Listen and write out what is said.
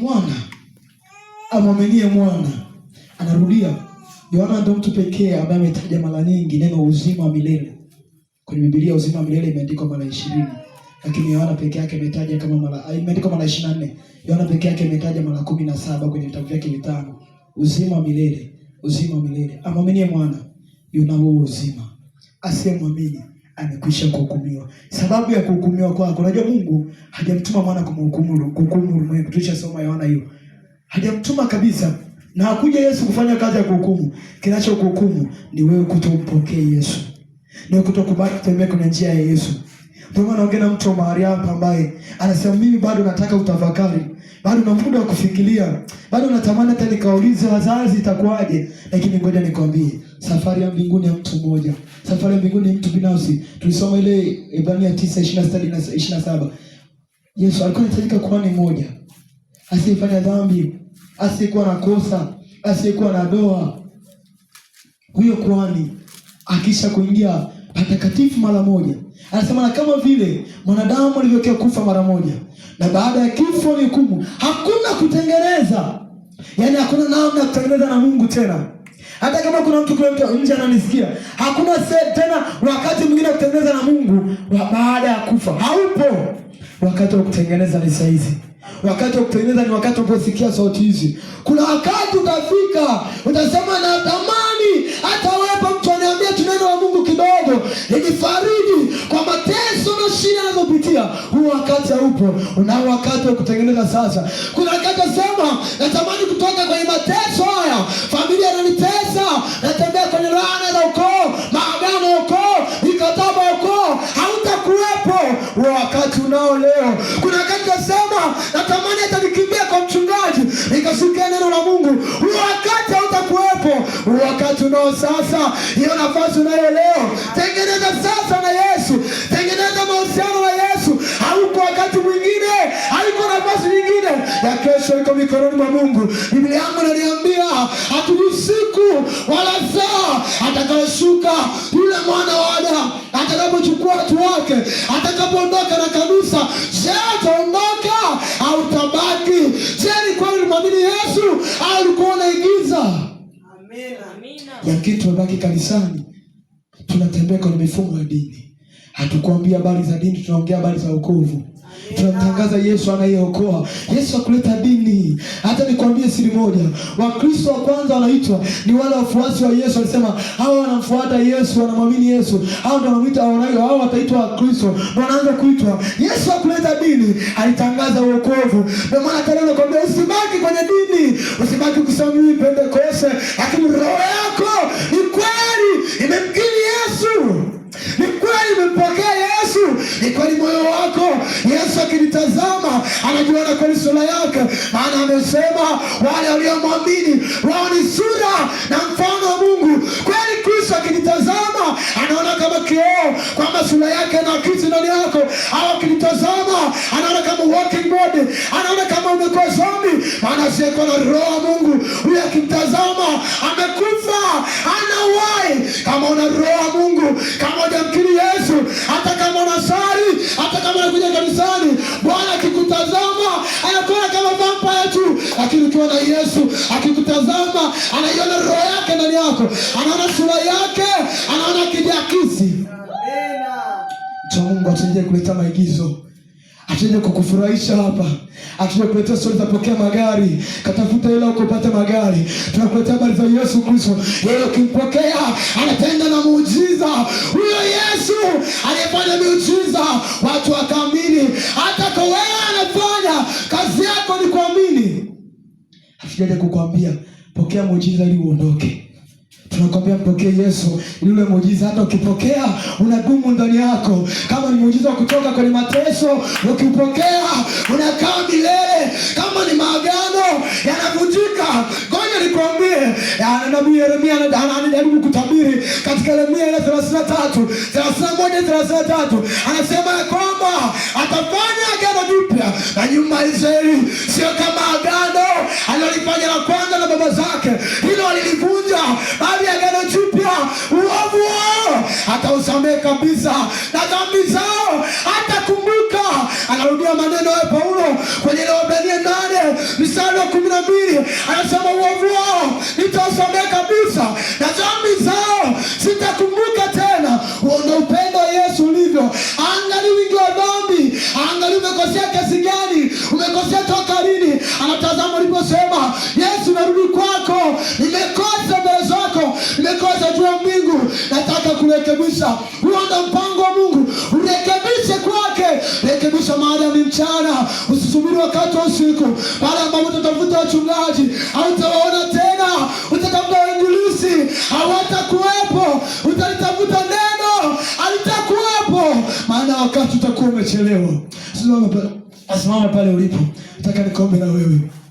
mwana amwaminie mwana. Anarudia, Yohana ndio mtu pekee ambaye ametaja mara nyingi neno uzima wa milele kwenye bibilia Uzima wa milele imeandikwa mara ishirini, lakini Yohana peke yake ametaja kama mara ah, imeandikwa mara ishirini na nne. Yohana peke yake ametaja mara kumi na saba kwenye vitabu vyake vitano. Uzima wa milele, uzima wa milele. Amwaminie mwana, yuna huo uzima, asiyemwamini amekwisha kuhukumiwa. Sababu ya kuhukumiwa kwako, unajua Mungu hajamtuma mwana kumhukumu kuhukumu ulimwengu. soma Yohana hiyo, hajamtuma kabisa, na hakuja Yesu kufanya kazi ya kuhukumu. Kinachokuhukumu ni wewe kutompokea Yesu, ni kutokubali kutembea kwenye njia ya Yesu. Ndio maana naongea na mtu mahali hapa ambaye anasema mimi bado nataka utafakari, bado na muda wa kufikiria, bado natamani hata nikaulize wazazi itakuwaje, lakini ngoja nikwambie safari ya mbinguni ya mtu mmoja, safari ya mbinguni ya mtu binafsi. Tulisoma ile Ibrania 9:26-27 saba. Yesu alikuwa anahitajika kuwa ni mmoja, asiyefanya dhambi, asiyekuwa na kosa, asiyekuwa na doa. Huyo kuhani akisha kuingia patakatifu mara moja, anasema na kama vile mwanadamu alivyokea kufa mara moja, na baada ya kifo ni hukumu, hakuna kutengeneza, yaani hakuna namna ya kutengeneza na Mungu tena hata kama kuna mtu kule nje ananisikia, hakuna se tena wakati mwingine kutengeneza na Mungu wa baada ya kufa, haupo. Wakati wa kutengeneza ni saizi, Wakati wa kutengeneza ni wakati unaposikia sauti hizi. Kuna wakati utafika, utasema natamani hata wewe mtu aniambia tuneno wa Mungu kidogo, nijifariji kwa mateso na shida anazopitia. Huu wakati haupo, unao wakati wa kutengeneza sasa. Kuna wakati utasema natamani kutoka wakati unao sasa, hiyo nafasi unayo leo, tengeneza sasa na Yesu, tengeneza mahusiano na Yesu. Hauko wakati mwingine, haiko nafasi nyingine ya kesho, iko mikononi mwa Mungu. Biblia yangu inaniambia hatujui siku wala saa atakayoshuka yule mwana wa Adamu, atakapochukua watu wake, atakapoondoka na kanisa. Je, ataondoka au tabaki? Je, ni kweli mwamini Yesu au anaigiza? ya kitu tunabaki kanisani, tunatembea kwenye mifumo ya dini. Hatukuambia habari za dini, tunaongea habari za wokovu. Tunamtangaza Yesu anayeokoa, Yesu akuleta dini. Hata nikwambie siri moja, Wakristo wa kwanza wanaitwa ni wale wafuasi wa Yesu. Alisema hawa wanamfuata Yesu, wanamwamini Yesu, hao ndio wanaitwa wanayo, hao wataitwa Wakristo. Wanaanza kuitwa Yesu akuleta dini, alitangaza uokovu. Ndio maana tena nakwambia usibaki kwenye dini, usibaki kusamii Pentekoste, lakini maana amesema wale waliomwamini wao ni sura na mfano wa Mungu. Kweli Kristo akilitazama anaona kama kioo kwamba sura yake na kitu ndani yako, au akilitazama anaona kama walking anaona kama umekuwa zombi, maana asiyekuwa na roho wa Mungu huyo akimtazama amekufa, ana uhai. Kama una roho wa Mungu kama kwamba anaiona roho yake ndani yako, anaona sura yake, anaona kijakisi cha Mungu. Atuje kuleta maigizo Atuje kukufurahisha hapa, atuje kuletea stori za pokea magari, katafuta hela huko magari. Tunakuletea habari za Yesu Kristo, yeye ukimpokea anatenda na muujiza. Huyo Yesu aliyefanya miujiza watu wakaamini, hata kwa wewe anafanya. Kazi yako ni kuamini. Atujaje kukwambia pokea muujiza ili uondoke. Tunakwambia mpokee Yesu, ni ule muujiza, hata ukipokea unadumu ndani yako. Kama ni muujiza kutoka kwenye mateso, ukipokea unakaa milele. Kama ni maagano yanavunjika, ngoja nikwambie, nabii Yeremia anajaribu kutabiri katika Yeremia ile thelathini na tatu thelathini na moja thelathini na tatu anasema ya kwamba atafanya agano jipya na nyumba ya Israeli, sio kama agano alilolifanya baba zake. Hilo alilivunja baada ya agano jipya, uovu wao atausamehe kabisa na dhambi zao atakumbuka. Anarudia maneno ya Paulo kwenye Waebrania nane mstari wa kumi na mbili anasema uovu wao nitausamehe kabisa na dhambi zao sitakumbuka tena. Uona upendo wa Yesu ulivyo, angali wingi wa dhambi, angali umekosea kiasi gani, umekosea toka lini, anatazama uliposema nimerudi kwako, nimekosa mbele zako, nimekosa juu ya mbingu, nataka kurekebisha. Huona mpango wa Mungu urekebishe kwake, rekebisha maada ni mchana, usisubiri wakati wa usiku, pale ambapo utatafuta wachungaji hautawaona tena, utatafuta wainjilisi hawatakuwepo, utalitafuta neno alitakuwepo, maana wakati utakuwa umechelewa. Simama pale ulipo, nataka nikombe na wewe.